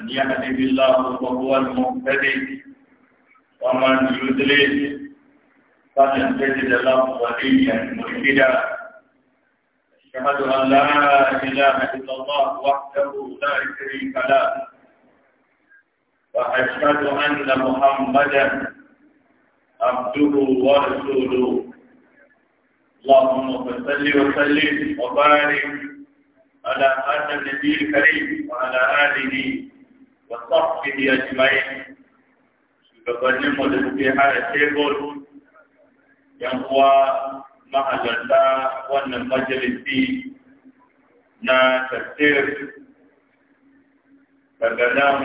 من يهده الله فهو المهتدي ومن يضلل فلن تجد له وليا مرشدا أشهد أن لا إله إلا الله وحده لا شريك له وأشهد أن محمدا عبده ورسوله اللهم صل وسلم وبارك على هذا النبي الكريم وعلى آله da sahbihi ajma'in shugabannin mu da suke hada tebur yan uwa mahalarta wannan majalisi na tafsir daga nan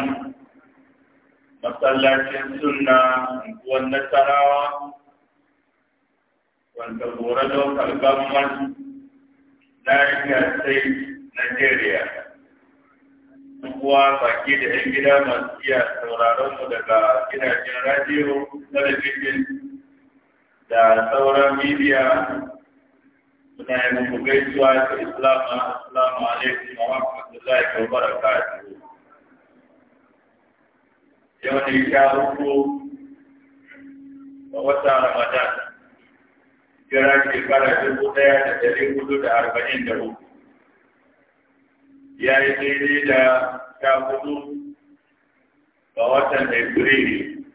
masallacin sunna unguwar nasarawa wanda gora lokal government na riga state nigeria uwa baki da yan gida masu iya sauraron daga gidajen radiyo talabijin da sauran midiya suna yi muku gaisuwa ta islamu assalamu alaikum wa rahmatullahi wa barakatuh yau ne sha uku ga wata ramadan kira shekara dubu ɗaya da dari hudu da arba'in da uku ya yi daidai da ta hudu ga watan Fabrairu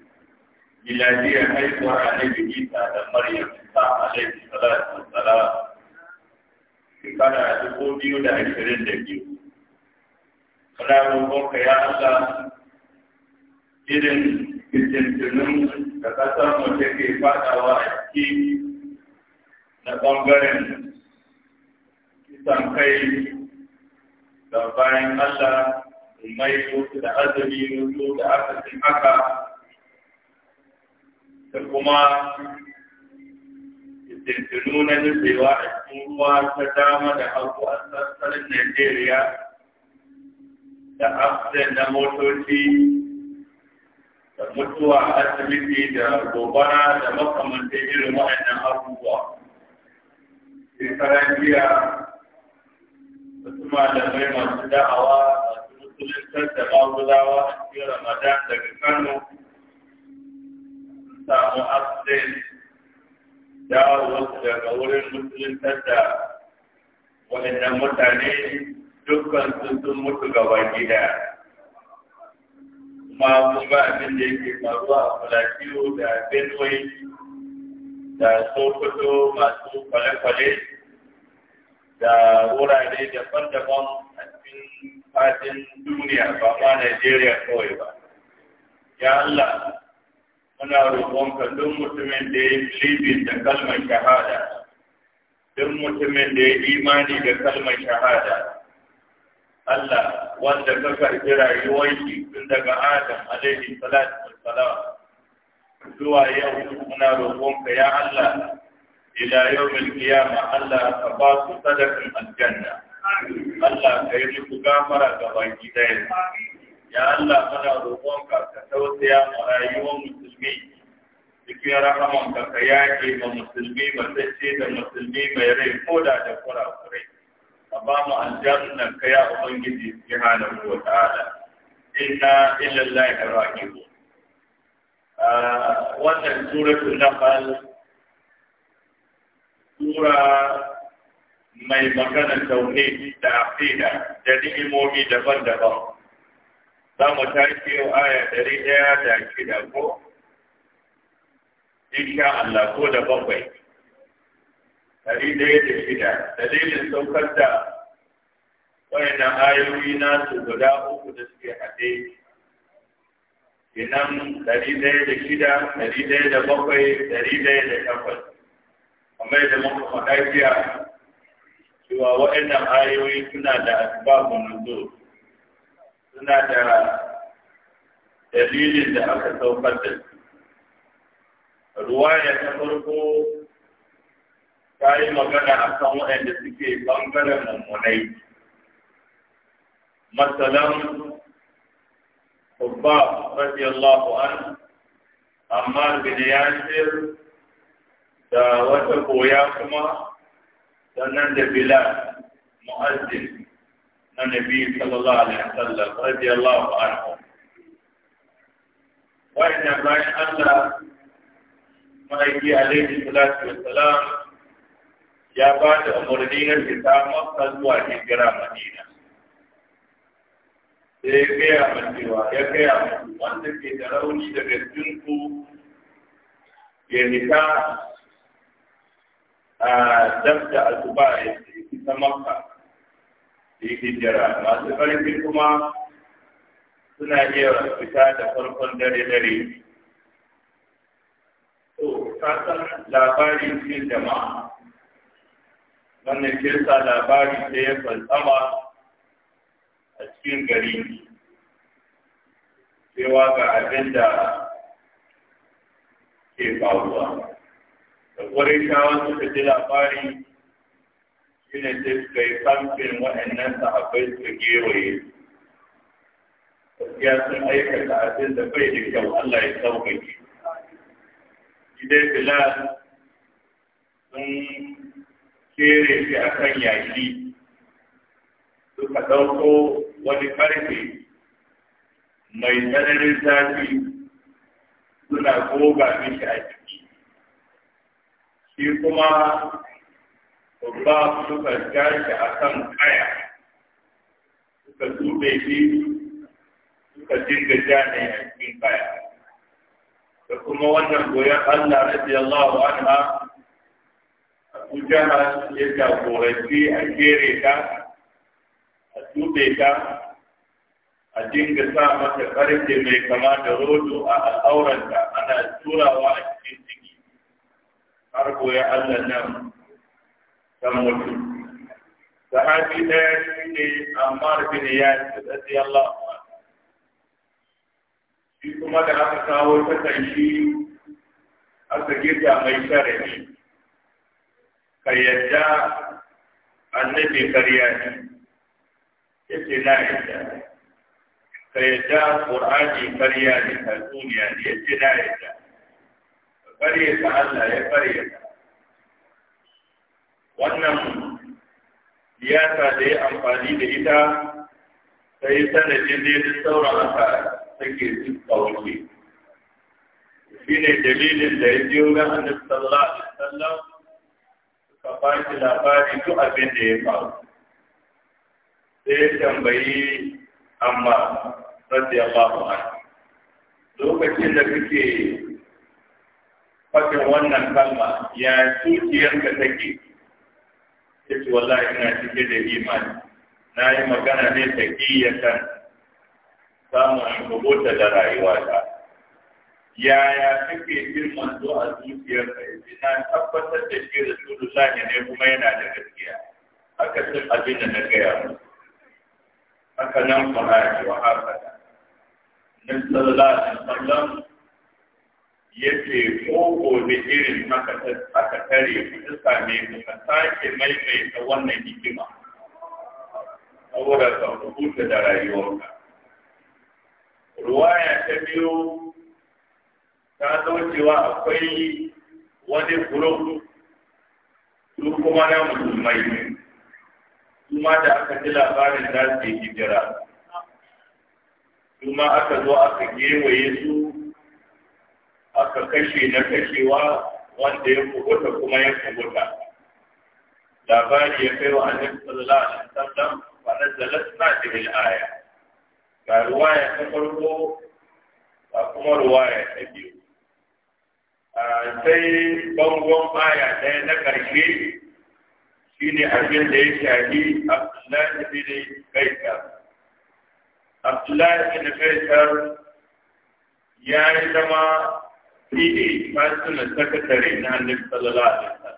miladiyar a Annabi Isa da Maryam Isa alaihi salatu wassalam shekara dubu biyu da ashirin da biyu. Muna roƙonka ya Allah irin fitintunin da ƙasar mace ke faɗawa a ciki na ɓangaren kisan kai ga bayan Allah mai su da azumi mutu da akasin haka da kuma tuntunu na nufewa a cikin ruwa ta dama da hagu a sassanin Najeriya da afsen na motoci da mutuwa a asibiti da gobara da makamantar irin waɗannan abubuwa. Shekaran jiya wasu malamai masu da'awa masu musuluntar da magudawa a cikin ramadan daga kano samu abdin dawo daga wurin musuluntar da waɗannan mutane dukkan sun sun mutu gaba gida kuma kun ga abin da yake faruwa a Falatiyo da Benue da Sokoto masu kwale-kwale da wurare daban-daban a cikin fatin duniya ba ma Najeriya kawai ba. Ya Allah, muna roƙonka duk mutumin da ya yi da kalmar shahada, duk mutumin da ya yi imani da kalmar shahada. Allah, wanda ka karfi rayuwar shi tun daga Adam alaihi salatu wassalam zuwa yau muna roƙonka ya Allah إلى يوم Allah ka تباس صدق الجنة aljanna. Allah كامرة كبيتين يا الله أنا روحك كتوسيا Ya Allah cikin roƙon ka yaƙi ga musulmi matacce da musulmi mai rai ko da da kurakurai ka ba mu aljanna ka ya ubangiji subhanahu wa ta'ala inna ila raji'un wannan suratul nahl sura mai magana tauhid da aqida da ni'imomi daban-daban za mu tashi yau aya ɗari ɗaya da shida ko insha Allah ko da bakwai ɗari ɗaya da shida dalilin saukar da wayannan ayoyi su guda uku da suke haɗe kenan ɗari ɗaya da shida ɗari ɗaya da bakwai ɗari ɗaya da takwas amma da muka kuma jiya cewa waɗannan ayoyi suna da asbabun nuzo suna da dalilin da aka saukar da su ruwaya ta farko ta yi magana a kan waɗanda suke ɓangaren mummunai masalan Hubba radiyallahu an Ammar bin Yasir da wata koya kuma sannan da bilal mu'azzin na nabi sallallahu alaihi wasallam radiyallahu anhu wa'inda bayan Allah ma'aiki alaihi salatu wassalam ya ba da umarni na fita makka zuwa hijira madina sai ya kai a cewa ya gaya min wanda ke da rauni daga cikin ku ya fita a dab da asuba ya isa makka masu ƙarfi kuma suna iya fita da farkon dare dare to ka san labarin cikin jama'a wannan kirsa labari da ya falsama a cikin gari cewa ga abin da ke faruwa da ƙwarishawa suka ji labari shi ne sai suka yi kamfin waɗannan sahabbai suka gewaye gaskiya sun aikata abin da bai da kyau Allah ya sauƙaƙe shi dai Bilal sun kere shi a kan yaki, suka ɗauko wani ƙarfe mai tsananin zafi suna goga mishi a shi kuma babba suka gashi a kan kaya suka dube shi suka jirga jane a cikin kaya da kuma wannan goyon Allah radiyallahu anha Abu Jahal ya jagoranci a jere ta a dube ta a dinga sa mata karfe mai kama da rodo a al'auranta ana turawa a cikin har koya Allah nan kan mutu sahabi ɗaya shi ne Ammar bin Yasir radiyallahu anhu shi kuma da aka kawo ta kan shi aka gida mai sharadi ka yadda annabi karya ne yace na yadda ka yadda Qur'ani karya ne tatsuniya ne yace na yadda ƙarye ta Allah ya ƙarye ta wannan siyasa da ya amfani da ita ta yi sanadin da ya sauran aka take su kawai shi ne dalilin da ya biyo ga annabi sallallahu alaihi wasallam suka ba shi labari duk abin da ya faru sai ya tambayi amma radiyallahu anhu lokacin da kake fakin wannan kalma ya zuciyarka take ya ce wallahi ina cike da imani na yi magana ne ta kan samun rubuta da rayuwata yaya kake jin manzo a zuciyarka yace na tabbatar da shi sani ne kuma yana da gaskiya haka sun abin da na gaya mu haka nan fara wa haka nan sallallahu alaihi sallam yake ko da irin aka tare ku ta same ku ka sake maimaita wannan hikima saboda ka hukunta da rayuwarka ruwaya ta biyu ta zo akwai wani guruf su kuma na musulmai kuma da aka ji labarin za su yi hijira kuma aka zo aka gewaye su aka kashe na kashewa wanda ya kubuta kuma ya kubuta labari ya kai wa annabi sallallahu alaihi wasallam wa nazzalatna bil aya ga ruwaya ta farko ga kuma ruwaya ta biyu sai bangon aya ɗaya na ƙarshe shine abin da ya shafi Abdullahi bin Kaisar Abdullahi bin Kaisar ya yi zama في إجماع السكرترين عن النبي صلى الله عليه وسلم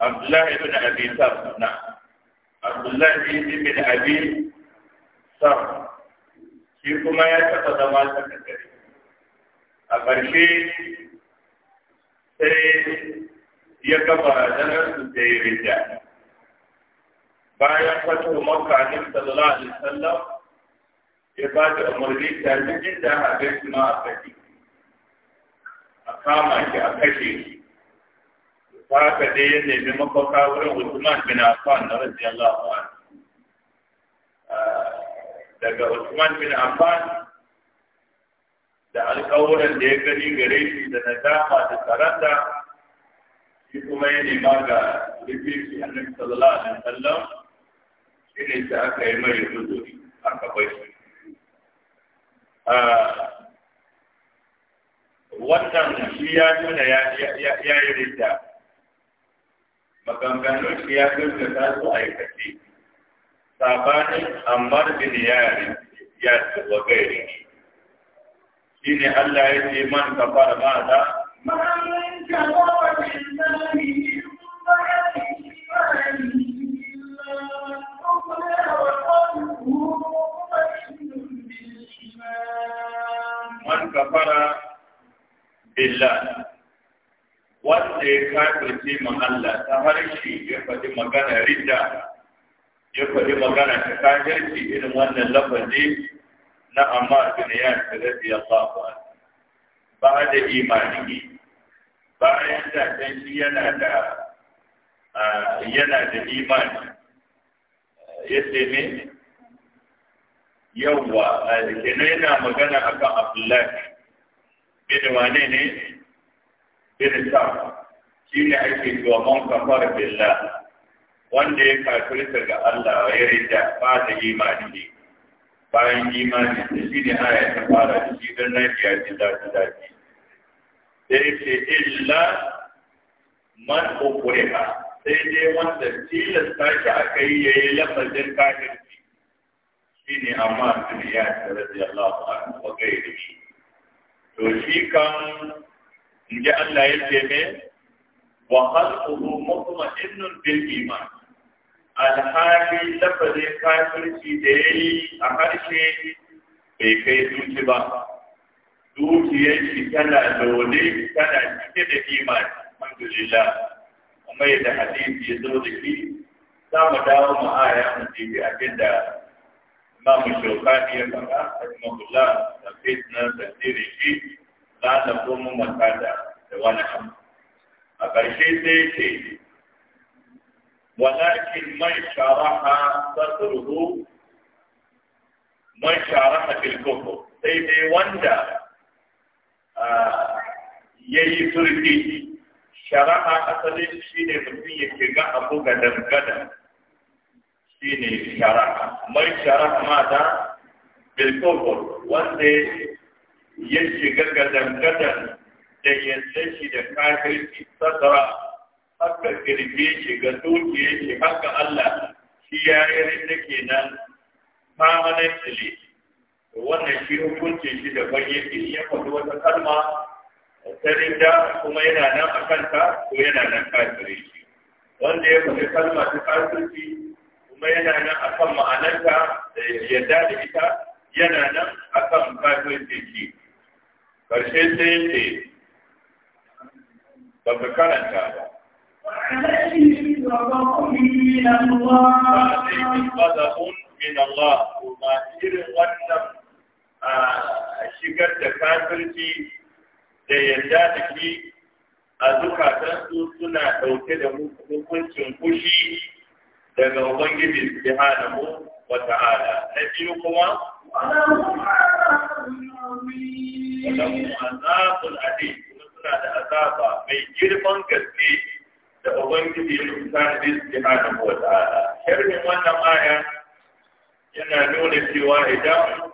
عبد الله بن أبي ثور نعم عبد الله بن أبي ثور shi kuma ya taɓa zama sakatare a ƙarshe sai ya gaba ranar su da ya rija bayan fato makanin sallallahu alaihi sallam ya ba da umarni ta jirgin da a kai su ma a kashe a kama shi a kashe shi ta ka dai ya nemi mafaka wurin Usman bin Affan na radiyallahu anhu daga Usman bin Affan da alƙawuran da ya gani gare shi da nadama da tsaranta shi kuma ya nema ga rufe shi annabi sallallahu alaihi wasallam shi ne ta aka yi mai uzuri aka bai shi Ah, wannan shi ya nuna ya yi rita maganganun shi ya nuna ta su aikace sabanin ammar bin yari ya ci wa gairi shi ne Allah ya ce man fara ma da man kafar billahi wa yadi كفر بالله وذلك في محل تهرشي يفد مكان رجع يفد مكان تهرشي إن وان اللفظ نعم بن ياس رضي الله عنه بعد إيمانه بعد أن ينادى آه، إيمان يسمي يوم وكان آه، ينام كان أبا عبد الله irin wane ne irin sa shi ne ake zuwa man kafar billa, wanda ya kafirta ga Allah ya rinda ba da imani ne bayan imani da shi ne aya ta fara da shi don nafiya ji daji daji da ya ce illa man ukuriha sai dai wanda tilasta shi a kai ya yi lafazin kafirci shi ne amma duniya ta radiyallahu anhu da shi. to shi kan in ji Allah ya ce me wa khalquhu mutma'innun bil iman alhali lafazin kafirci da ya yi a harshe bai kai zuci ba zuciyar shi tana dole tana cike da imani alhamdulillah kuma yadda hadisi ya zo da shi za mu dawo mu aya mu ji abin da Sama shi oka ni ya kaka a yi ma kula da fitin na sase da shi za a tafi mu da wani amma. A ƙarshe sai ce wani mai shara ha sasurubu mai shara ha filkoko sai dai wanda ya yi turki shara ha asali shi ne mutum ya shiga abu ga dangana shi ne shara mai shara mata bilkobol wanda ya shiga gadan-gadan da yadda shi da kafirci tattara haka kirje shi ga dukiye shi haka Allah shi ya yi rinda kenan permanently wannan shi hukuncin shi da ban yake ya faɗi wata kalma ta rinda kuma yana nan a kanta ko yana nan kafire wanda ya faɗi kalma ta kafirci kuma yana nan akan ma'anarta da yadda da ita yana nan akan kafin jiki karshe sai ce ba ka karanta ba min Allah kuma irin wannan shigar da kafirci da yadda da shi a zukatansu suna ɗauke da hukuncin fushi daga ubangiji mu wata ala. na biyu kuma ولهم عذاب أليم suna da azaba mai girman gaske da ubangiji ya rubuta da mu wata ala. sharhin wannan aya yana nuna cewa idan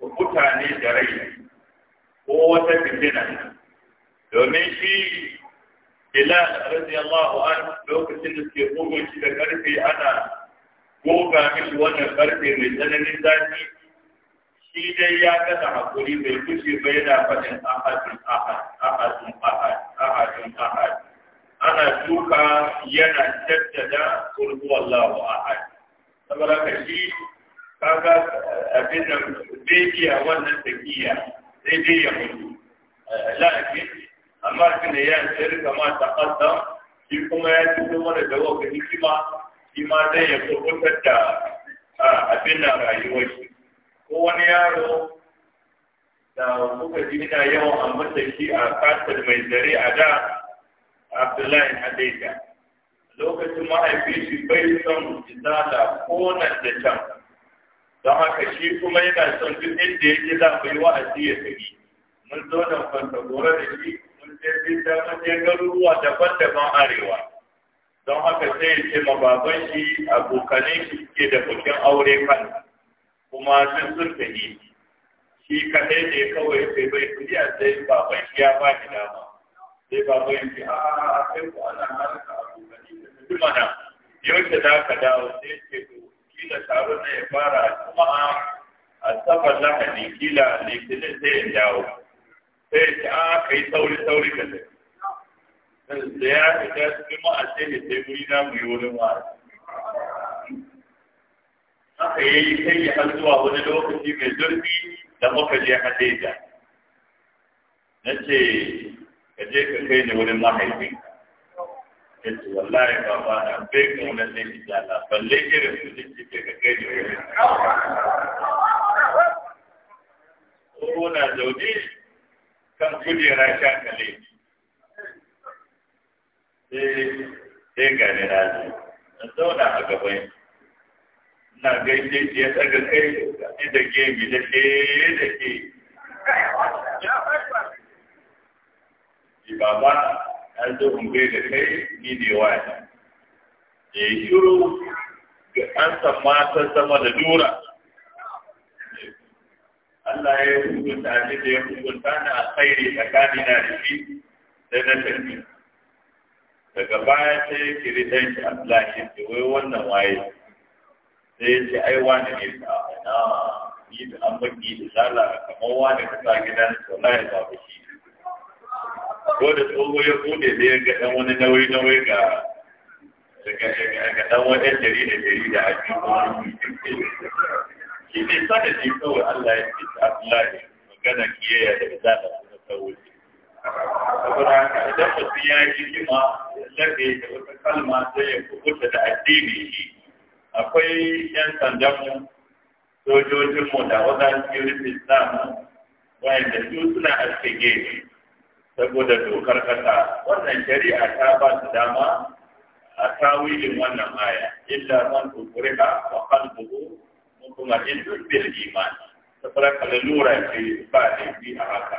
mutane da rai ko wata fitina domin shi Bilal radiyallahu anhu lokacin da suke gogon shi da ƙarfe ana goga mishi wannan ƙarfe mai tsananin zafi shi dai ya kasa hakuri bai kushe ba yana faɗin ahadin ahad ahadin ahad ahadin ana duka yana jaddada kulhuwallahu ahad saboda ka shi kaga eh, abin da bai iya wannan tafiya sai dai ya mutu eh, lafi amma shi ne ya sayar kama ta ƙasa shi kuma ya ci mana da wa ga hikima shi ma zai ya kubutar da abin na rayuwar shi ko wani yaro da kuka ji na yawan ambata shi a kasar mai zare a da Abdullahi Hadeja lokacin mahaifin shi bai son izala ko nan da can don haka shi kuma yana son duk inda yake za ku yi wa'azi ya tafi mun zo da kwanta gora da shi sai garuruwa daban-daban arewa don haka sai ce ma baban shi abokanai shi suke da bukin aure kan kuma sun sun tafi shi kaɗai ne kawai sai bai kuliya sai baban shi ya ba shi dama sai baban shi a a kai ku ana harka abokanai da su mana yaushe za ka dawo sai ce ku kila taron na ya fara a a saman lahadi kila litinin sai ya dawo sai ce a ka yi sauri sauri ka sai da ya fita cikin ma'asai ne sai wuri na mu yi wurin wa'azi haka ya yi sai ya har zuwa wani lokaci mai zurfi da muka je Hadeja. Na ce, ka je ka kai ni wurin mahaifin. Ya ce, wallahi baba na bai ka wani sai ki jala, balle irin su da ke ka kai ni wurin. Ko na zaune kan kujera sha kale eh, sai gane na zai. na zauna a gaban na gaishe shi ya tsaga kai ni da ke mi da ke da ke Ki ba a zo in gai da kai ni ne wani. Ya yi shuru ga an san matan sama da dura. Allah ya hukunta ne da ya hukunta na alkhairi tsakani na da shi sai na tafi daga baya sai ya kiri ɗan shi Abdullahi da wai wannan waye sai ya ce ai wani ne ta na yi da an baki da lala kamar wani kusa gidan gidan na ya zaɓi shi ko da tsoho ya bude da ya ga ɗan wani nauyi-nauyi ga daga ɗan wani ɗan jarida jarida a cikin shi ne ne kawai Allah ya ce ta Abdullahi magana kiyaya da za ta kuma sauki saboda haka idan mutum ya yi hikima lalle da wata kalma sai ya kubuta da addini shi akwai yan sandanmu sojojinmu da wajen security staff wanda su suna aske gefe saboda dokar kasa wannan shari'a ta ba su dama a tawilin wannan aya illa man tukuriha wa buhu. mun kuma in duk bil iman ta fara kala lura ce ba da bi a haka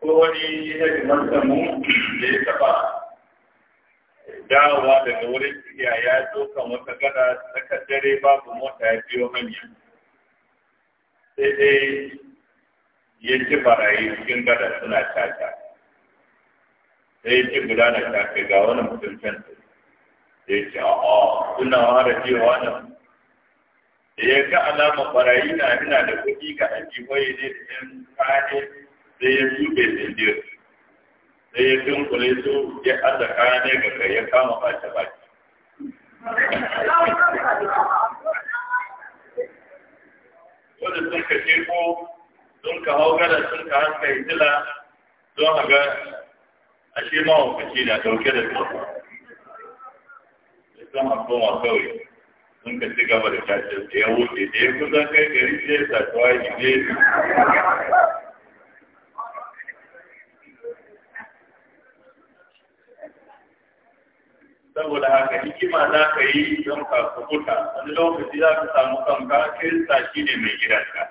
ko wani yadda masu mu da ya taba dawowa daga wurin tsiya ya zo kan wata gada saka dare babu mota ya biyo hanya sai dai ya ci barayi cikin gada suna caca sai ya ci gudana caca ga wani mutum can da ya ce a'a suna wara cewa nan da ya ga alama barayi na ina da kuɗi ka aji waye ne da yan kane da ya tuɓe ne sai ya dunkule su ya aza kane ga kai ya kama bace bace wanda sun ka sheko sun ka hau gada sun ka haska hitila don a ga ashe ma wakaci na ɗauke da tsofa sama koma kawai sun ka ci gaba da tashin da ya wuce da ya kusan kai gari sai sa kawai ne saboda haka hikima za ka yi don ka kubuta wani lokaci za ka samu kanka kirista shi ne mai gidanka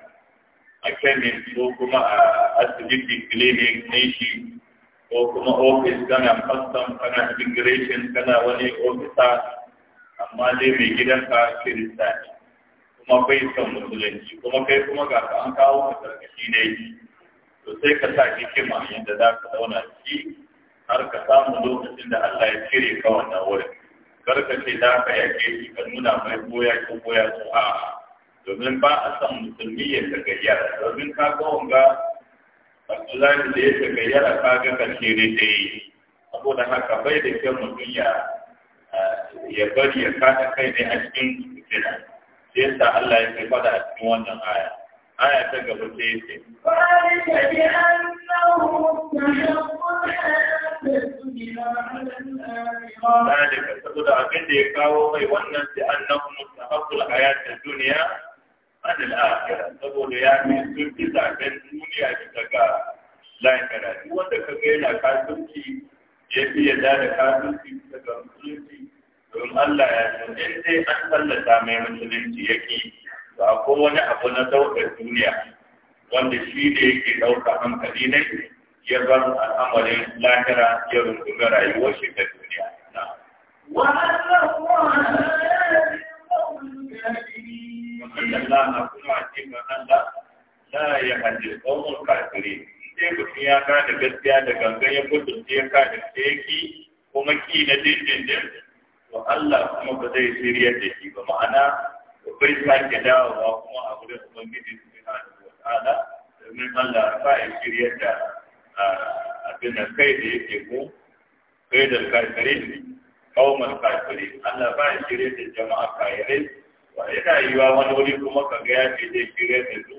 a kemis ko kuma a asibiti clinic ne shi ko kuma ofis kana custom kana immigration kana wani ofisa amma dai mai gidan ka kirista ne kuma bai son musulunci kuma kai kuma ga ka an kawo ka sarkashi ne to sai ka sa hikima yadda za ka zauna ciki har ka samu lokacin da Allah ya cire ka wannan wurin kar ka ce za ka yake shi ka nuna mai goya ko goya su a domin ba a san musulmi ya ta domin ka ga wanga Abdullahi da ya ka gayyara ka ga karshe ne dai saboda haka bai da kyan mutum ya ya bari ya kata kai ne a cikin fitina sai yasa Allah ya kai fada a cikin wannan aya aya ta gaba sai ya ce ذلك saboda abin da ya kawo mai wannan sai annahu a hayat ad-dunya an a akhirah saboda ya fi sun fi zaben duniya bisa ga lahira wanda kaga yana kasance ya fi yadda da kafirci daga musulunci domin Allah ya san in an sallata mai musulunci yake ba ko wani abu na daukar duniya wanda shi da yake ɗauka hankali ne ya bar al'amarin lahira ya rungumi rayuwar shi ta duniya. Wa'an Allah kuma ce Allah la ya hajji ƙaunar kafirin ya ka da gaskiya da ganga ya mutunce ya ka da ki kuma ki na din to Allah kuma ba zai shirya da shi ba ma'ana bai sake dawowa kuma a gurin ubangiji subhanahu wa ta'ala domin Allah ba ya shirya da abin da kai da yake ko kai da kafirai kawman kafirai Allah ba ya shirya da jama'a kafirai wa yana yiwa wani wuri kuma kaga ya ce zai shirya da su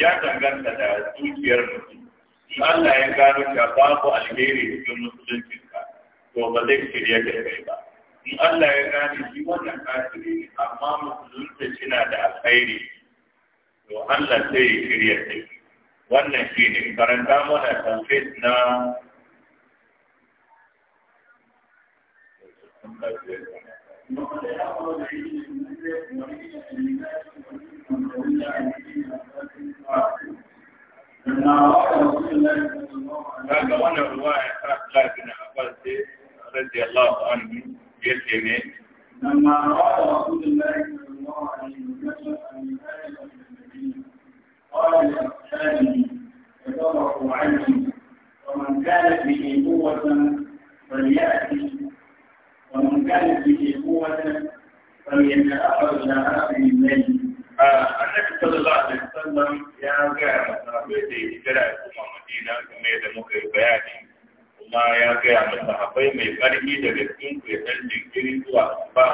ya danganta da zuciyar mutum in Allah ya gano cewa babu alheri cikin musuluncin ka to ba zai shirya da kai ba in Allah ya gane shi wannan kafiri ne amma musulunta na da alheri to Allah sai ya shirya da kai. wannan shi ne karanta mana tafsir na Thank you. kaga wannan ruwa ya sa lafi na abbas sai radiyallahu anhu yake ne amma rawa rasulullahi sallallahu alaihi wasallam قال لأصحابه تبرأوا عني ومن كانت به قوة فليأتي ومن كانت به قوة فليتأخر إلى آخر الليل annabi sallallahu alaihi wasallam ya gaya masahabai da ya hijira ya kuma madina game da muka yi bayani kuma ya gaya masahabai mai ƙarfi da gaskin ku ya san jinkiri zuwa ba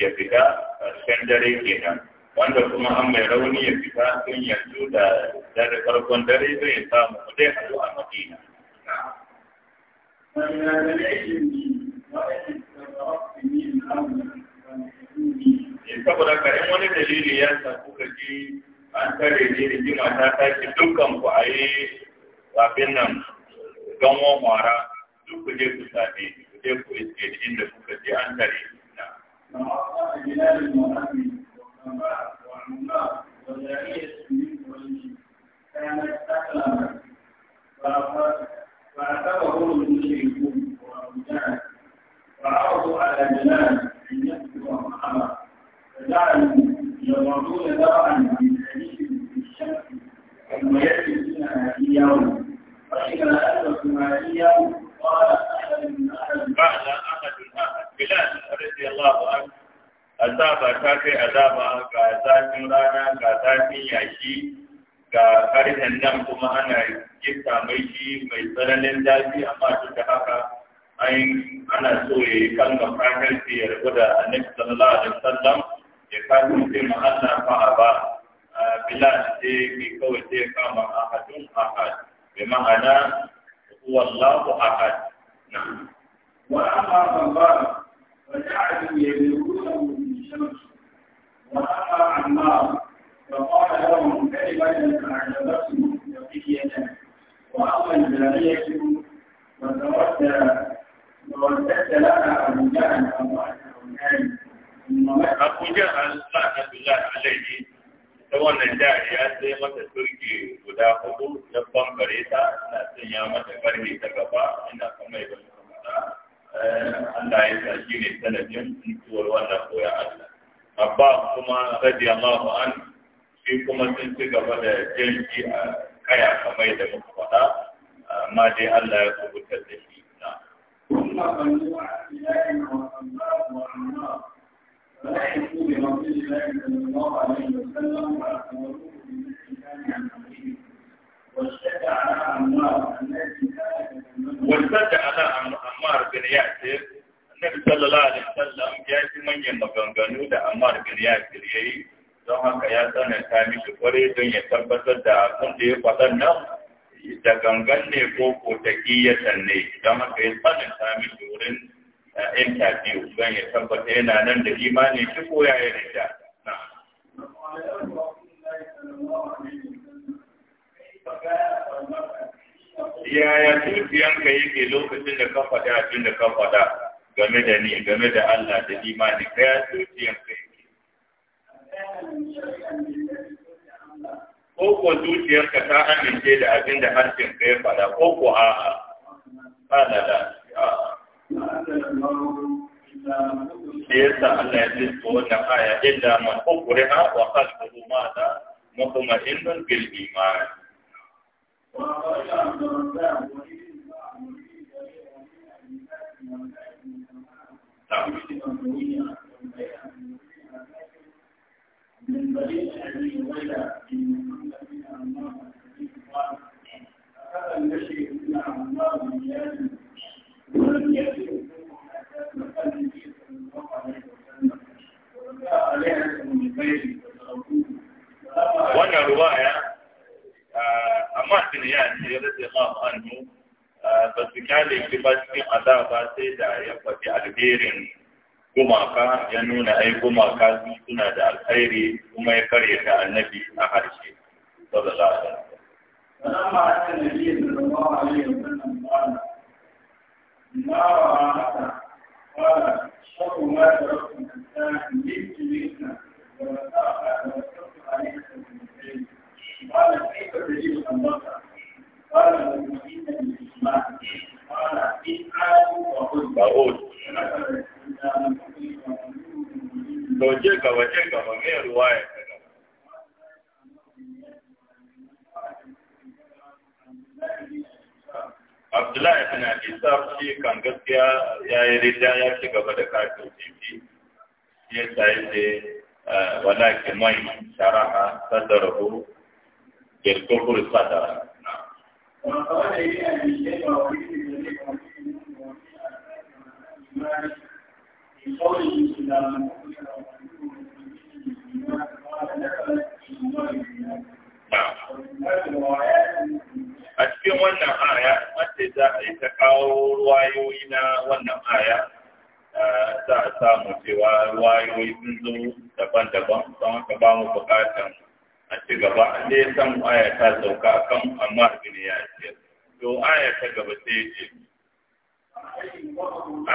ya fita ƙarshen dare kenan wanda kuma an mai rauni ya fita sun yanzu da dare farkon dare zai ya samu zai haɗu a madina. dalili ya sa kuka ji an tare ne jima ta tashi dukkan ku a yi zafin nan ganwon wara duk ku je ku sami ku je ku iske inda kuka ji an tare na. azaba ta kai azaba ga zafin rana ga zafin yashi ga karhen nan kuma ana gifta mai shi mai tsananin zafi amma kuma sun ci gaba da jirgi a kaya kamar da muka faɗa amma dai Allah ya kubuta da shi na. Wasu da ana amma bin Yasir, Annabi sallallahu alaihi wasallam ya ci manyan maganganu da amma bin Yasir don haka ya ta mishi kwarai don ya tabbatar da abin da ya faɗan nan da gangan ne ko ko ta kiyatan ne don haka ya ta mishi wurin eh, interview don ya tabbata yana nan da imani shi ko ya yi rita. Yaya tukiyanka yake lokacin da ka faɗa abin da ka faɗa game da ni game da Allah da imani ka ya ka yake. ko kuwa zuciyarka ta amince da abin da harshen ka ya faɗa ko ko a a da a da sa Allah ya zinta wannan aya inda man ukriha wa qalbuhu mata mutma'innun bil iman Thank you. Wannan ruwa ya, amma sinu ya ce, ya zai ba ba su kyale shi ba cikin adaba sai da ya faɗi alherin gumaka ya nuna ai gumaka suna da alkhairi kuma ya karya ta annabi a harshe sallallahu alaihi wasallam فلما أتى النبي صلى الله عليه وسلم قال ما رأى قال شر ما تركتم حتى جئت بك ووثقت عليك بالخير قال كيف تجيب أمرك قال إن الإسلام To je gaba je gaba me ruwaya ta gaba. Abdullahi bin Isa shi kan gaskiya ya yi rida ya ci gaba da kafin jifi. Ya sayi ce ah, walakin mai shara'a sadarahu bil kufur sadara. Wa qala ya ayyuhal a cikin wannan aya wacce za a yi ta kawo ruwayoyi na wannan aya za a samu cewa ruwayoyi sun zo daban-daban don haka ba mu bukatan a ci gaba a dai san aya ta sauka a kan amma gini ya ce to aya ta gaba sai ce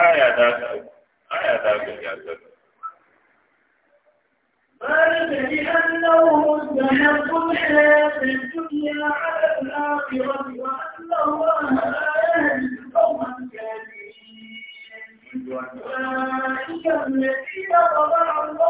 aya da ka aya da ka ya ta ذلك بأنه مستحق الحياة الدنيا على الآخرة وأن الله لا يهدي القوم الكافرين أولئك الذين طبع الله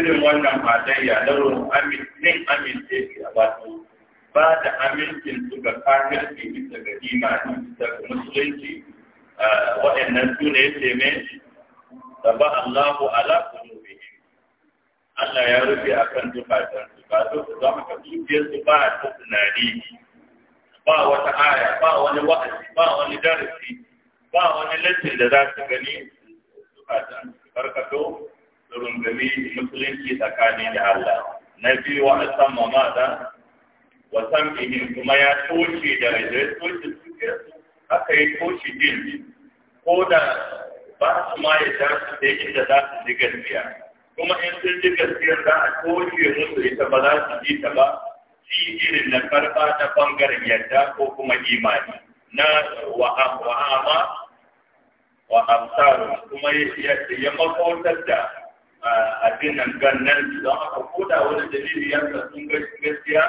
irin wannan matan ya amin amincin amince shi a wato ba da amincin su ga kafirci bisa ga imani bisa ga musulunci waɗannan su ne yace me saba Allahu ala qulubihim Allah ya rufe akan dukatan su ba su za mu ka zuciyar su ba ta tunani ba wata aya ba wani wa'azi ba wani darasi ba wani lantin da za su gani dukatan su barkato gami musulunci tsakani da Allah na biyu wa ma maza wa ihin kuma ya toshe da ya toshe su aka yi toshe din ko da ba su ma ya da su yi, da za su ji gaskiya kuma in sun ji gaskiya za a toshe musu ita ba za su ji ta ba shi irin na karɓa ta bangaren yadda ko kuma imani na wa'ama wa absaru kuma ya makautar da a nan gannan don aka koda wani dalili ya sun gaskiya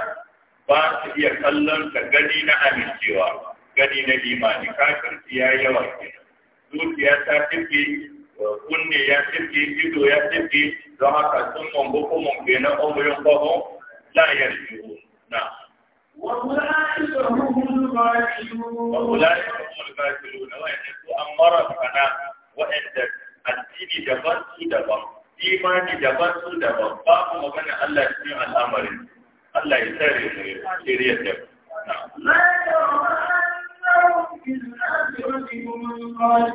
ba su iya kallon ka gani na amincewa gani na limani kafirci ya yawa ke zuciya ta tafi kunne ya tafi ido ya tafi don haka sun mongo ko mongo na umurin kwamo la yarju na وأولئك هم الغافلون su هم الغافلون وإن أمرت أنا وإن الدين دبرت دبرت imani daban su daban babu magana Allah cikin al'amarin Allah ya tsare mu shirya da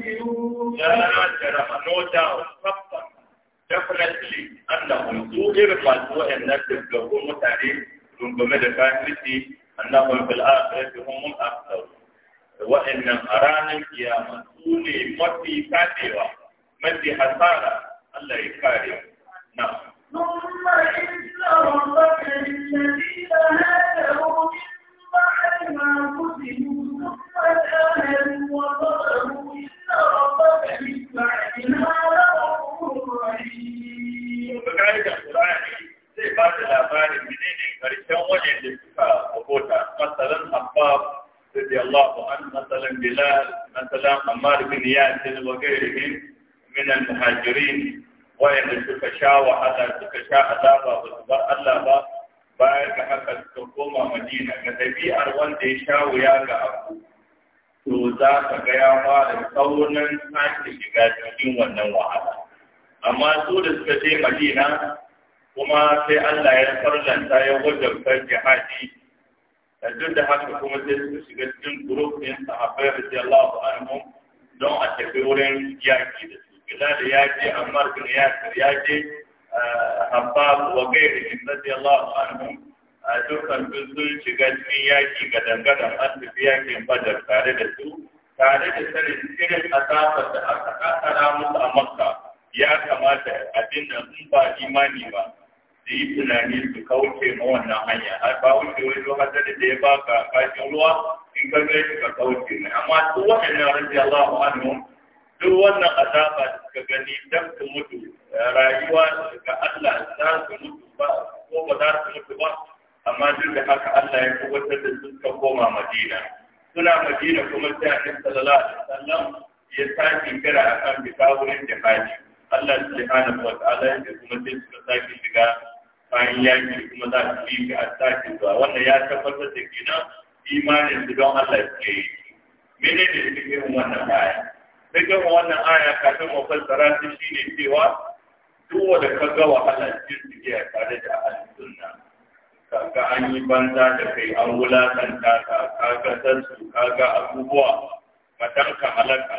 Ya jarama no doubt tabbas definitely annahum su irin masu wa'annan dukkan mutane rungume da kafirci annahum fil akhirati hum al wa'annan a ranar kiyama su ne mafi kadewa mafi hasara Allah ya kare na ثم إن ربك للذين هاجروا من بعد ما قتلوا ثم آمنوا وصبروا إن ربك من بعدها لغفور رحيم. وكذلك القرآن zai ba da labarin menene karshen wajen da suka abota masalan abbab radiyallahu an masalan bilal masalan ammar bin yasin wa gairihim min al-muhajirin wayanda suka sha wahala suka sha azaba ba su bar Allah ba bayan ka haka suka koma Madina ga dabi'ar wanda ya sha wuya ga abu to za ka ga ya fara tsaunin sake shiga cikin wannan wahala amma su da suka je Madina kuma sai Allah ya farlanta ya wajabta jihadi da duk da haka kuma sai suka shiga cikin group din sahabbai radiyallahu anhum don a tafi wurin yaki da su bilal ya ce ammar bin yasir ya ce habbab ah, wa gairi radiyallahu anhu a ah, dukkan sun shiga cikin yaki ga dangadan an tafi yakin badar tare da su tare da sanin irin asasar da aka kakara musu a makka ya kamata abin da sun ba imani ba su yi tunani su kauce ma wannan hanya har ba wuce wani lokacin da ya baka kashin ruwa in ka gaishe ka kauce mai amma su waɗannan radiyallahu anhu duk wannan azaba da suka gani dan su mutu rayuwa daga Allah za su mutu ba ko ba za su mutu ba amma duk da haka Allah ya kubutar da su suka koma Madina suna Madina kuma sai Annabi sallallahu alaihi wasallam ya sake kira akan bitawurin haji Allah subhanahu wa ta'ala ya kuma sai suka sake shiga bayan yaki kuma za su yi ga sake zuwa wannan ya tabbatar da gina imanin su don Allah ke yi menene cikin wannan bayan cikin wannan aya kafin mu fassara shi shine cewa duk wanda ka ga wahalar suke ya tare da al-sunna kaga an yi banza da kai an wulakanta ka kaga sassu kaga abubuwa matanka halaka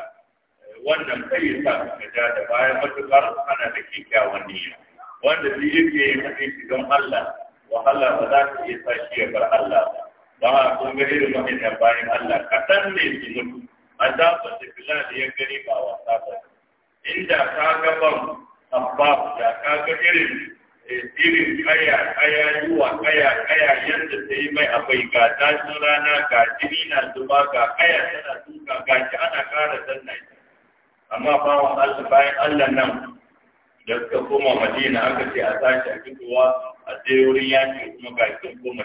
wannan kai sa ka ja da baya matukar ana da kyakkyawan niyya wanda shi yake yi haɗe don Allah wahala ba za ta iya sa shi ya bar Allah ba ba a kun irin wa'in wa'annan bayan Allah kaɗan ne su mutu azabar da bilal ya gani ba wasa ba inda ka ga ban abbas da ka ga irin eh, kaya kaya yiwa kaya kaya yadda ta yi mai abai ga tashin rana ga jini na ga kaya tana duka ga shi kara danna amma bawan Allah bayan Allah nan da suka koma Madina aka ce a sashi a fitowa a yaki kuma ga koma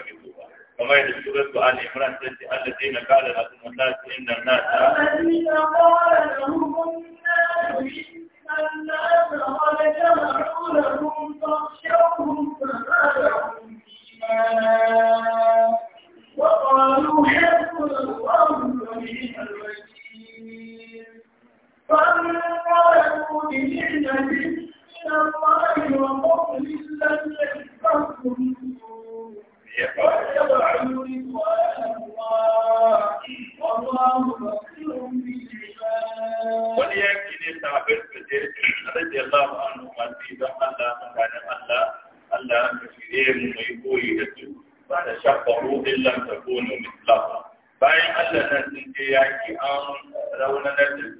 وما هي سورة آل عمران تجي الذين قال لهم الناس إن الناس الذين قال لهم الناس إن الناس قد جمعوا لهم فاخشوهم فزادهم إيمانا وقالوا حسبنا الله ونعم الوكيل فانطلقوا بنعمة من الله وقل وفضل لم يسبقهم wani yanki ne sahabai suka je rage Allah ba an umarci Allah Allah Allah mai koyi da su ba da bayan Allah nan sun je yaki an raunanar da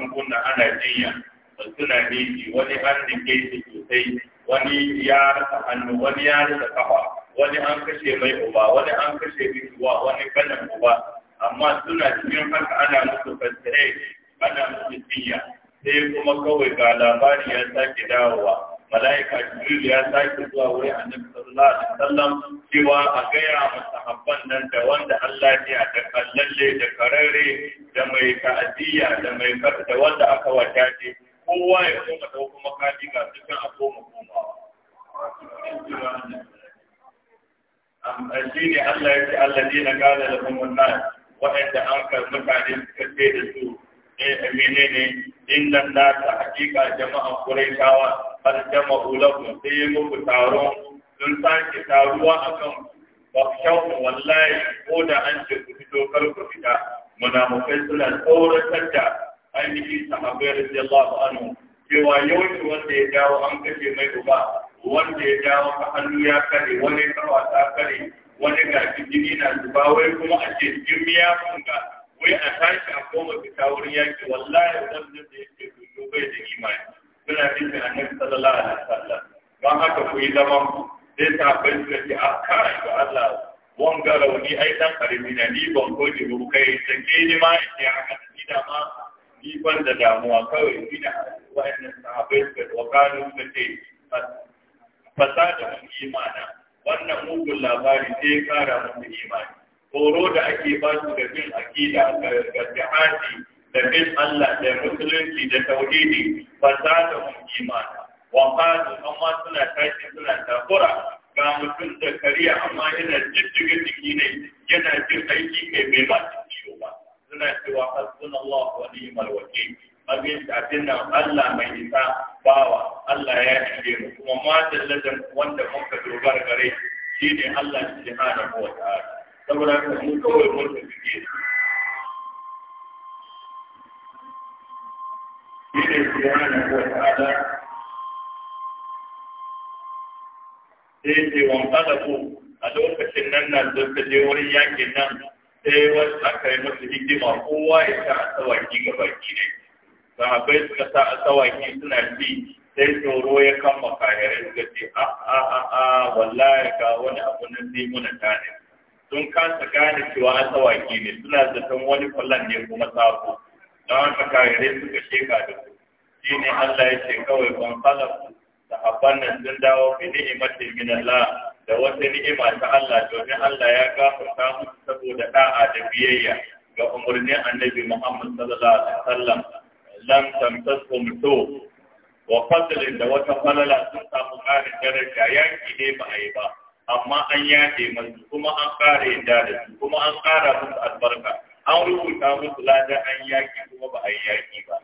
magunguna ana jinya ba suna niji wani an nike shi sosai wani ya rasa hannu wani ya rasa kafa wani an kashe mai uba wani an kashe bisuwa wani kanan uba amma suna cikin haka ana musu fasirai ana musu jinya sai kuma kawai ga labari ya sake dawowa ملائكة جبريل يا سايك الله وي النبي صلى الله عليه وسلم سوى أغيا مستحبن ننت وانت الله يا تقلل دكرري دمي تأذية دمي فرد وانت أكوى جاتي هو يقوم أتوقع مكاتي كاتك أقوم أقوم أجيني الله يتي الذين قال لهم الناس وعند أنك المكاتي كتير سوء إيه، منيني إن الناس حقيقة جماعة قريشاوات قد جمعوا sai muku تارون sun sake taruwa akan kan bakshan wallahi ko da an ce ku fito kar ku fita mu munafukai suna tsoratar da ainihin sahabbai radiyallahu anhu cewa yawanci wanda ya dawo an kashe mai uba wanda ya dawo ka hannu ya kare wani karwa ta kare wani gashi jini na zuba wai kuma a ce jin ya funga wai a tashi a koma fita wurin yaki wallahi wannan da yake dundun bai da imani suna bin da annabi sallallahu alaihi wasallam don haka ku yi zaman sai ta bayyana suka a ah, kai ga Allah wanga rauni ai dan karimi na ni ban ko ji ruka yi sake ni ma in haka ni da ma ni ban da damuwa kawai ni da wa'annan sahabbai suka wakanu suka ce fasada mun imana wannan mugun labari sai ya kara mun imani horo da ake ba su da bin akida ga jihadi da bin Allah da musulunci da tauhidi ba za ta mun imana wa qalu amma suna tashi suna takura ga mutum da kariya amma yana jijjiga jiki ne yana jin aiki kai bai ba ciwo ba suna cewa hasbunallahu wa ni'mal wakil abin da abin nan Allah mai isa bawa Allah ya shige mu kuma ma dalladan wanda muka dogara gare shi ne Allah subhanahu wa ta'ala saboda mu kawai mun tafi shine subhanahu wa ta'ala sai ce wa ku. a lokacin nan na da suka je wurin yakin nan sai wasu aka yi musu hikima kowa ya sa a tsawaki ga baki ne sahabbai suka sa a tsawaki suna ci sai tsoro ya kan makayarai suka ce a a a a wallahi ga wani abu na sai muna tane sun kasa gane cewa a tsawaki ne suna zaton wani kwallon ne kuma sabo da haka kayare suka sheka da ku. shi ne Allah ya ce kawai ban salaf sahabban nan sun dawo bi ni'imati min Allah da wata ni'ima ta Allah domin Allah ya gafarta musu saboda da'a da biyayya ga umarnin Annabi Muhammad sallallahu alaihi wasallam lam tamtasum to wa fadlin da wata falala sun samu karin daraja yaki ne ba a yi ba amma an yaɗe masu kuma an ƙara yadda da su kuma an ƙara musu albarka an rubuta musu lada an yaki kuma ba a yaki ba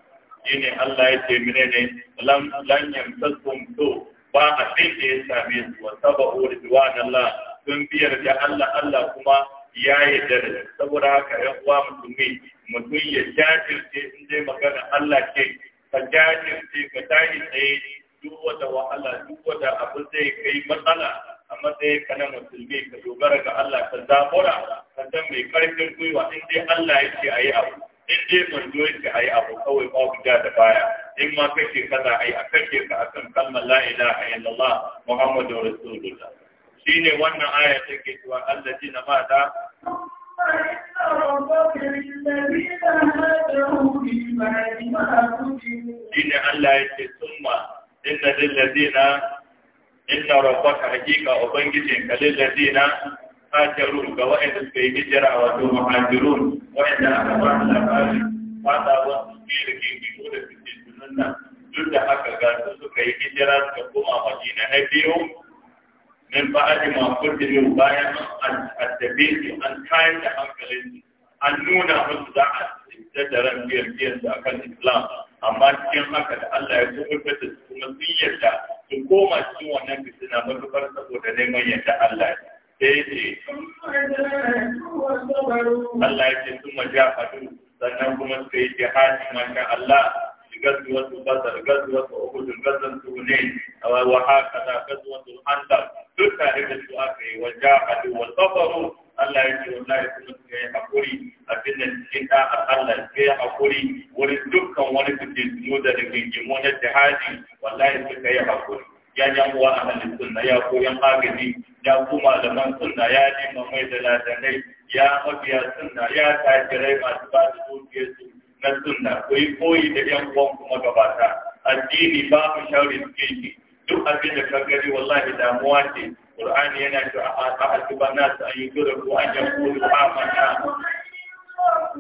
shine Allah ya ce mene ne lam lan yamsakum to ba abin da ya same su wa sabu ridwanallah sun biyar da Allah Allah kuma ya yarda da saboda haka yan uwa musulmi mutum ya jajirce in dai magana Allah ce ka jajirce ka tashi tsaye duk wata wahala duk wata abu zai kai matsala a matsayin ka na musulmi ka dogara ga Allah ka zabura ka san mai karfin gwiwa in dai Allah ya ce a yi abu in dai manzo ya ce a yi abu kawai babu ja da baya in ma kake kaza a yi a kake ka akan kalmar la ilaha illallah muhammadu rasulullah shine wannan aya ke cewa Allah ji na mata ne Allah ya ce sun ma, inna lillazina inna rabbaka hakika ubangijinka lillazina hajarun ga wa'anda suka yi hijira wato muhajirun wa'anda aka ba su labari ba ta wasu fiye da biyu da suke sunanna duk da haka ga su suka yi hijira suka koma madina na biyu min ba'adi ma kurdiyu bayan an addabe su an kayan da hankalin an nuna musu za a tattaran biyar biyar su akan islam amma cikin haka da Allah ya kuma fata su kuma sun yarda in koma cikin wannan fitina matuƙar saboda neman yadda Allah ya sai ce Allah ya ce sun maja fadu sannan kuma suka yi jihadi masha Allah gazu wasu basar gazu wasu ukudun gazan tuni wa haka da wasu hanta duk tare da su aka yi wajen hadu wasu Allah ya ce wallahi kuma su yi hakuri a cikin cikin da'a Allah su yi hakuri wurin dukkan wani suke tuno da rigingimu na jihadi wallahi suka yi hakuri ya ja uwa a halin sunna ya koyan magani, ya kuma da man sunna ya ji mamai da ladanai ya mabiya sunna ya tajirai masu ba da dukiyarsu na sunna ku yi koyi da yan uwan kuma gabata addini babu shauri cikin shi duk abin da ka gari wallahi damuwa ce Qur'ani yana cewa a hasiban nasu an yi gura ko an yankulu amanna a na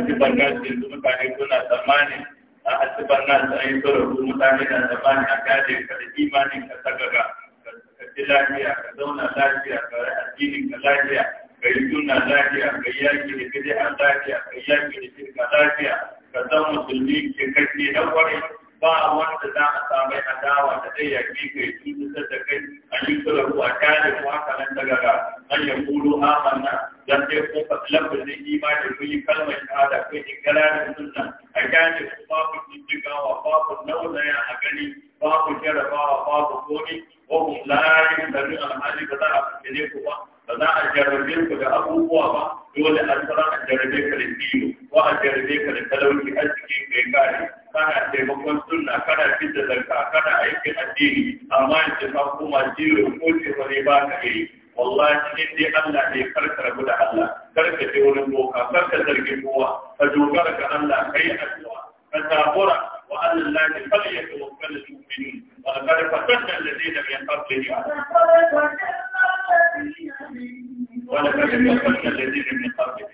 su yanzu mutane suna tsammanin a na su an yi gura ko mutane na tsammanin a gade ka da imanin ka sagaga ka ci lafiya ka zauna lafiya ka yi addini ka lafiya ka yi suna lafiya ka yi yaki da gidi a lafiya ka yi yaki da shirka lafiya ka zama musulmi ke kake na kwarai ba wanda za a samu adawa da zai yaƙi kai cutar da kai a yi kula a kare ko haka nan daga ga an ya kulu amanna dan dai ko fa lafazin imani mun yi kalmar shahada ko ikirarin sunna a kare ko babu jinjigawa babu naunaya a gani babu jarabawa babu komi ko la yi da alhali ba za a fitile ku ba ba za a jarabe ku da abubuwa ba dole a tsara a jarabe ka da biyu ko a jarabe ka da talauci a cikin kai kare kana taimakon sunna kana fidda zakka kana a addini amma in ce ka kuma jiro ko ce ba ne ba ka yi wallahi cikin dai Allah ne karka rabu da Allah karka ce wani boka karka zargin kowa ka dogara ga Allah kai addu'a ka sabura وعلى الله فليتوكل المؤمنون ولقد فتنا الذين من قبلهم ولقد كفرنا الذين من قبلهم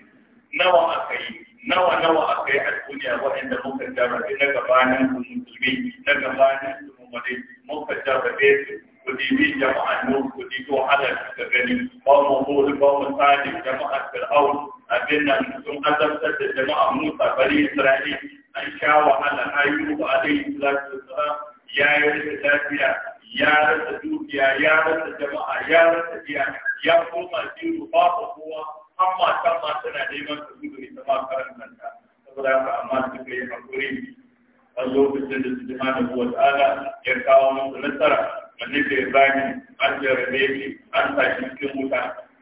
نوى أكي نوى نوى أكي على الدنيا وعند مكتبة لك بانا المسلمين لك بانا المؤمنين مكتبة بيت وديبي جماعة نور وديبو على الكتابين قوم هود قوم صالح جماعة فرعون أبنا ثم أزمت جماعة موسى بني إسرائيل أن شاء وعلى أيوب عليه الصلاة والسلام يا أيها الذين ya rasa dukiya ya rasa jama'a ya rasa biya, ya koma jiro babu kowa har matan ma tana neman ta gudu ita ma karan ta saboda haka amma suka yi hakuri a lokacin da su jima da kuwa ta'ala ya kawo musu nasara wanda ke an jarabe shi an sa shi cikin wuta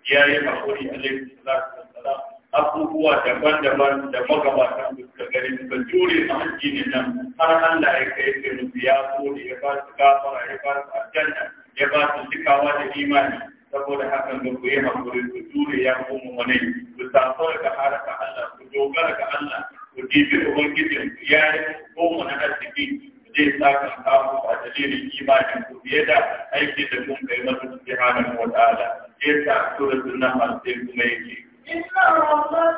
ya yi hakuri alaihi salatu wasalam abubuwa daban-daban da magabatan da suka gari suka jure a nan har Allah ya kai ke ya so ya ba su gafara ya ba su aljanna ya ba su cikawa da imani saboda hakan ga ku yi hakuri ku jure ya kuma wani ku safar ga haraka Allah ku dogara ga Allah ku dibi ubangijin ku ya yi mu na arziki zai sa kan kawo a dalilin imanin ku fiye da aiki da kun kai masu subhanahu wata'ala. ta'ala sai sa sai kuma yake A bayan Allah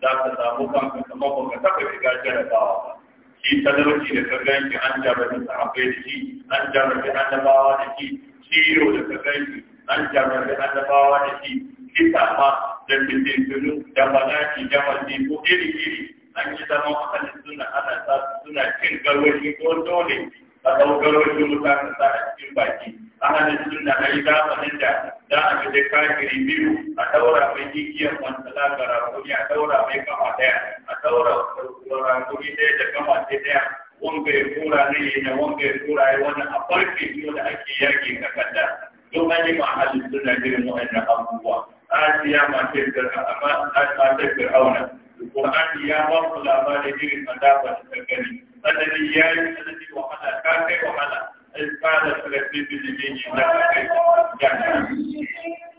ta samu kanka kuma ba ka taɓa shiga jarabawa ba. shi talauci da kaganci an jarrabi sahabbai da shi an jarrabi annabawa da shi ciwo da an jarrabi annabawa da shi kisa ma da fitintunu da banaki da ko iri iri an yi zama makasin suna ana sa suna cin garwashi ko dole a ɗau garwashi wuta sa a cikin baki ana da suna a yi zamanin da za a fi da kafiri biyu daura mai jigiyar mansala ga rakuni a daura mai kama daya a daura rakuni daya da kama daya wanda ya kura ne ya yi wanda ya kura ya wani a farfi yau da ake yaƙi ka kanta don an yi halin suna irin wa'annan abubuwa asiya mace fir'auna Qur'an ya ba mu labarin irin azaba da gani sanadin ya yi sanadi wahala ka kai wahala in kana sarrafi bijin ne da kai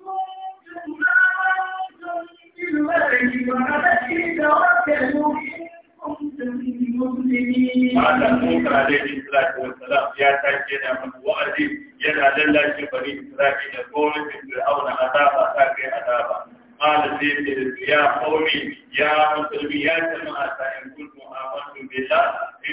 Matan Musa alaihi salatu wassalam ya yana mata yana bari Isra'ila sai da su ya kaumi ya musulmi ya jama'a ta in kuntum amantu billah in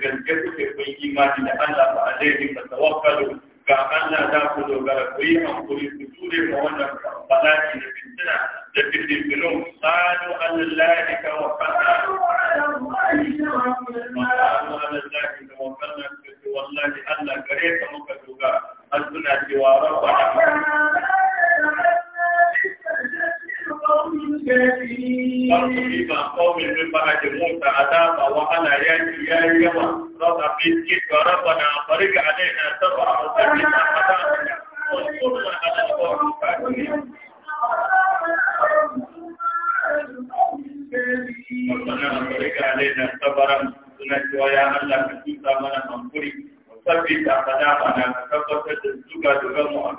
da gaske kuke da Allah fa alaihi fatawakkalu ga Allah za ku dogara ku yi hankuri ku ture ma wannan bala'i da fitina da fitinfilon sadu allallahi ka wakanna masa'adu allallahi ka wakanna ka ce wallahi Allah gare ka muka dogara an suna cewa rabba Farko bi ba kawai min ba a jimuta a dama wa ana yaki yayi yawa tapi kita pada hari ini Sabaran dengan cuaca yang lebih kita mana mampu, tapi tak pada pada kesempatan juga juga mohon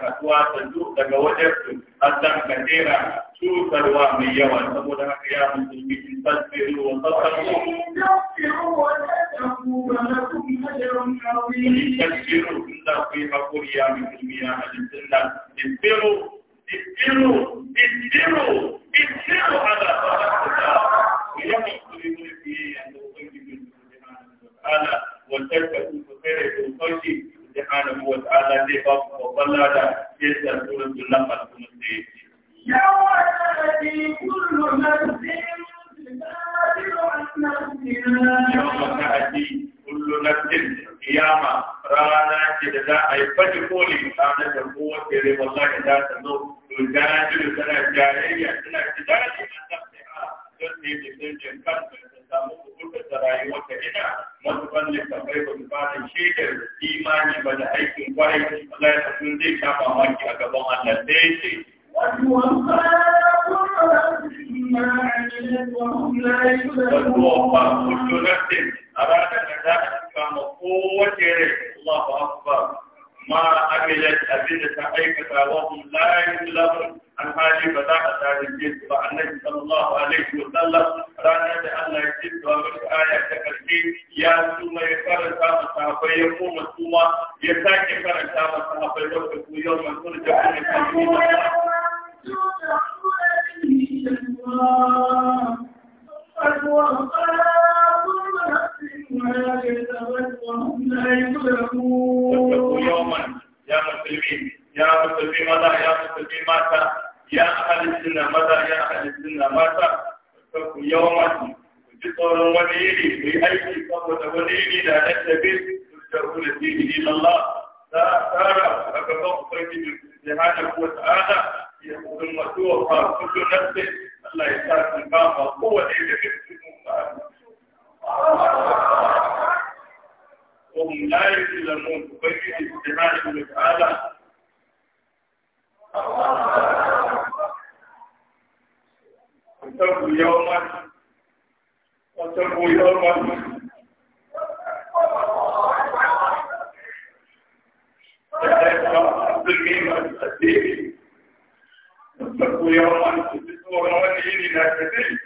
kasuwa tanzu daga wajen su hatta kadera sarwa mai yawa saboda haka ya musulmi in tasbiru wa tasbiru in tasbiru in za ku yi hakuri ya musulmi ya halittun da tasbiru tasbiru tasbiru tasbiru ala ku yi musulmi ne yanzu ubangiji subhanahu wa ta'ala wa tasbiru ku kare ku kauce سبحانه وتعالى في فضل وصلى على تلك سورة النقل ثم يوم تأتي كل نفس يوم تأتي كل نفس قيامة رانا كذا أي فجر قولي رانا تقول تري والله كذا تنو تجاري تنا جارية تنا تجاري من نفسها تنتهي من samu kuɗin da rayuwar ka ina matukan da ka bai wa misalin shekar imani ba da aikin kwarai Allah ya tafi zai shafa mamaki a gaban Allah sai ce. Wadda kullu nafsin a da za a kama kowace rai Allah ba ما عملت أبدا تحقيقك وهم لا يسلمون عن حالي بداعة هذه الجيد النبي صلى الله عليه وسلم رانا أن يجد ومش آية تكركي يا سوما يكرر سامة صحابة يقوم سوما يساك يكرر سامة صحابة يوم يوم ترجع من الحمد الله ولا يتوكلون يوما يا مسلمين يا مسلمين ماذا يا مسلمين ماذا يا أهل السنة ماذا يا أهل السنة ماذا واتقوا يوما بصور وليلي بأي صفة وليلي لا نستبد ترجعون فيه إلى الله لا ترى فقد أخرج سبحانه وتعالى ثم توفى كل الله يسعد القامة قوة إلى مثلكم وهم لا يعلمون وكيف استعانه تعالى واتقوا يوما واتقوا يوما واتقوا يوما تجدون ولي الى كثير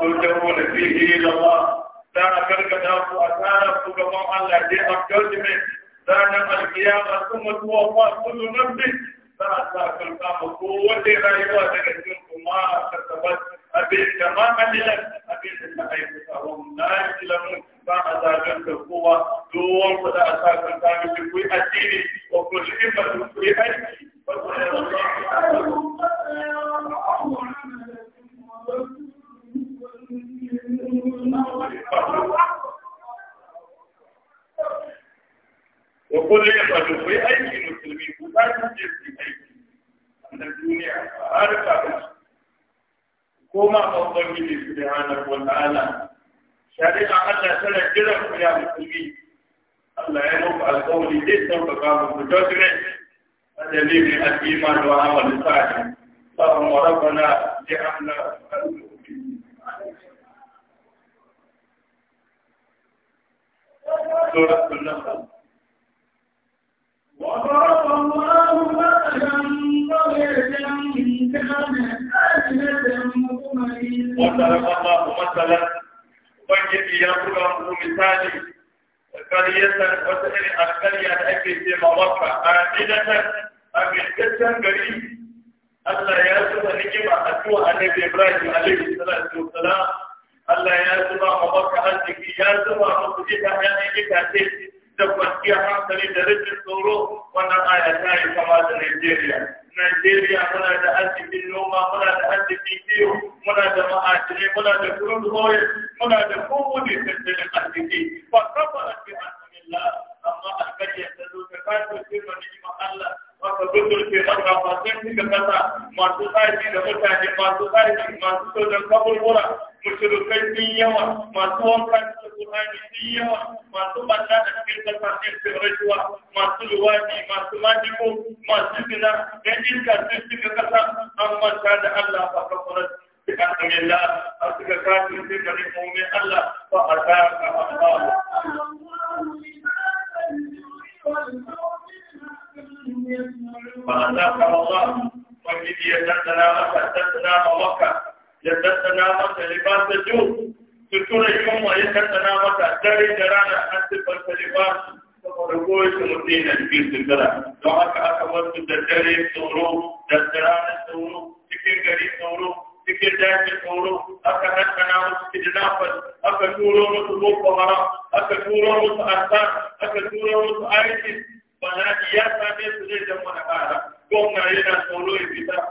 تلجؤون فيه الى الله za a gargada ku a tsara ku gaban Allah dai a judgment ranar alkiyama sun mutuwa ba kullu nafsi za a sa kalka ma kowace rayuwa daga cikin kuma a tattabar abin da ma kalilan abin da ta aikata wannan na kilamun ba a zagar da kowa dowon ku za a sa kalka ma shi ku yi addini wa kuma himmatu ku yi aiki. Wasu ne wasu ne ne وقل لي فاتو في أي مسلمين ولا تنجي في أي أن الدنيا عارفة بس كما أفضل من سبحانه وتعالى شريعة حتى سنة جرم يا مسلمين الله ينوب القول ليس إيه فقام بجدره الذين الإيمان وعمل صالح اللهم ربنا جعلنا سورة النخل وضرب الله مثلا ubangiji ya buga muku misali ƙaryatar wata irin alƙarya da ake ce ma wakka a ƙidatar a ƙirƙirƙen gari Allah ya zuba nikima a tuwa annabi Ibrahim alaihi salatu wasalam Allah ya zuba ma wakka arziki ya zuba muku ita itace da kwanciyar hankali da rikin tsoro wannan aya ta yi kama da Najeriya. Najeriya muna da arzikin noma, muna da arzikin kiwo, muna da ma'adinai, muna da crude oil, muna da kowane tattalin arziki. Ba kafa a cikin amma albariyar ta zo ta kafin firma ni'imar Allah fasabundul ke ɗauka masu yin cika kasa masu tsari da mutane masu tsari masu sojan kaburbura mushrikai sun yawa masu wanka da kurani sun yawa masu banda da cikin kasa sun fi rashuwa masu luwadi masu majiko masu zina yan iska sun cika kasa an manta da Allah ba kafarar بحكم الله أرسل كافر في طريق مؤمن الله فأتاك الله فأذاك الله وإذ يدتنا وكتتنا ووكا يدتنا مكة لباس الجود ستورة يوم ويدتنا مكة داري جرانا أنتبه لباس rugoyi su mutum na cikin sutura don haka aka wasu da dare tsoro da tsirana tsoro cikin gari tsoro cikin daji tsoro aka hankana musu kidnappers aka turo musu boko aka turo musu ansar turo musu bala'i ya same su zai zama na ƙara gwamna yana tsoro ya fita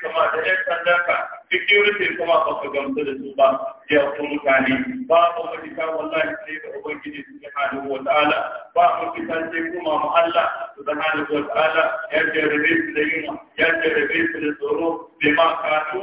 police kuma da yan sandaka security kuma ba ka gamsu da su ba ya ku mutane ba ku mafita wallahi sai da ubangiji subhanahu wa ta'ala ba mafita sai kuma mu Allah subhanahu wa ta'ala ya jarabe su da yunwa ya jarabe su da tsoro bai ma kasu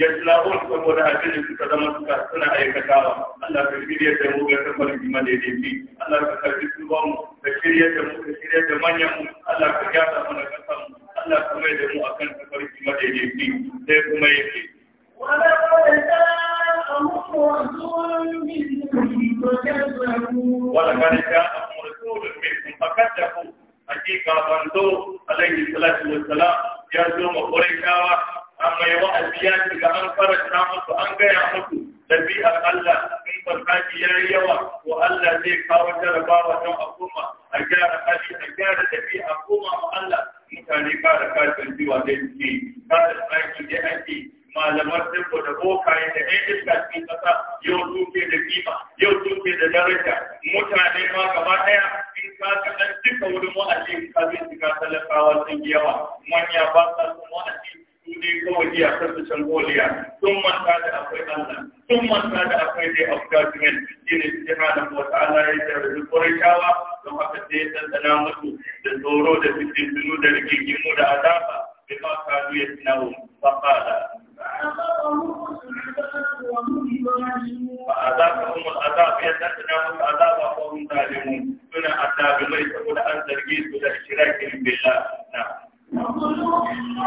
yasla'un saboda abin da suka zama suka suna aikatawa Allah ka shirya da mu ga kafar jima da yake Allah ka karbi tubanmu ka shirya da mu da shirya da manyan mu Allah ka gyara mana kasan mu Allah kuma ya mu akan tafarki madaidaici sai kuma yake ولقد جاءهم رسول منكم فكذبوا حقيقة بندو عليه الصلاة والسلام يرجو مقرشاوة أما يوأبيات لأن فرشا مسو أنجا يعمسو ɗabi'ar Allah in farfaki ya yi yawa wa Allah zai kawo jarabawa don a a gyara hali a gyara ɗabi'a koma a Allah mutane ba da kafin jiwa da yake ba da tsaki da ake malamar sirko da bokaye da ɗan iska cikin ƙasa yau suke da kima yau suke da daraja mutane ma gaba ɗaya in ka kaɗan duka wurin wa'azi in ka zai shiga talakawa sun yawa manya ba sa su su ne kawai iya kasu shalgoliya sun manta da akwai Allah sun manta da akwai dai of judgment shi ne su jira da wata Allah ya jira da kurashawa don haka sai ya tsantsana musu da tsoro da fitintunu da rigingimu da azaba bai ma kadu ya sinawo faƙala. فعذاب هم العذاب يتأتنا العذاب وهم ظالمون سنة عذاب ليس قد أنزل جيد ولا اشتراك بالله نعم Ya ku musulmi yanzu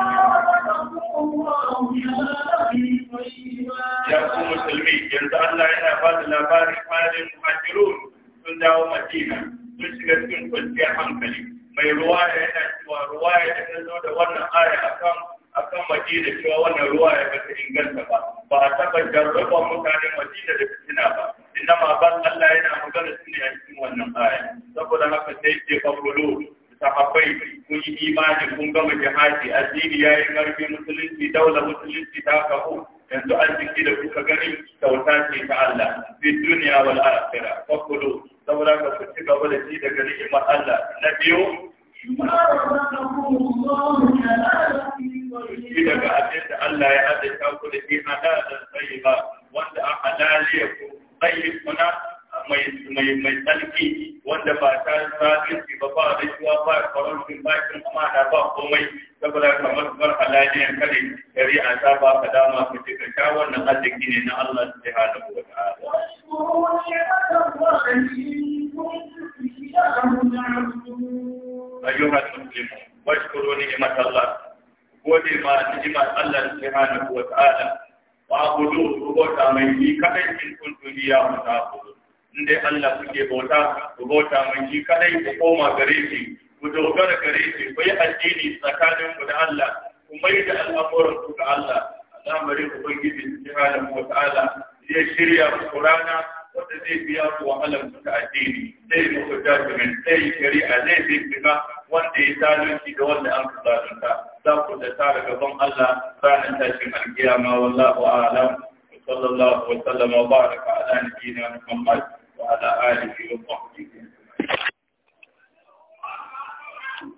Allah yana ba da labarin malin muhajirun sun dawo Madina sun shiga cikin kwanciyar hankali. Mai ruwa yana cewa ruwa ya ta zo da wannan aya akan akan Madina cewa wannan ruwa ya ba ta inganta ba. Ba a taɓa jarraba mutanen Madina da fitina ba. Inna ma ban Allah yana magana su ne a cikin wannan aya. Saboda haka sai ce fafulu sahabbai kun yi imani kun gama jihadi addini ya yi musulunci daular musulunci ta kafu yanzu arziki da kuka gani kyauta ce ta Allah fi duniya wal akhirah fakulu saboda ka ku ci gaba da shi daga ni'imar Allah na biyu shi daga abin da Allah ya adalta ku da shi halalan tsayi ba wanda a halaliya ku tsayi kuna mai tsarki wanda ba ta ba ba rayuwa ba farautin ba cin amana ba komai saboda kamar halaliyar kare a ta ba ka dama ka ce ka sha wannan arziki ne na Allah Allah gode ma Allah wa abudu mai bi kaɗai cikin duniya mu ta abudu in dai Allah kuke bauta ku bauta mai kadai ku koma gare shi ku dogara gare shi ku yi addini tsakanin ku da Allah ku mai da al'amuran ku ga Allah al'amarin ubangiji subhanahu wa ta'ala zai shirya ku rana wanda zai biya ku wahalar ku ta addini zai muku judgment zai shari'a zai zai fita wanda ya zalunci da wanda an ka zalunta za ku da tara gaban Allah ranar tashin alkiyama wallahu a'lam sallallahu wa sallama wa baraka ala nabiyyina muhammad وعلى آله وصحبه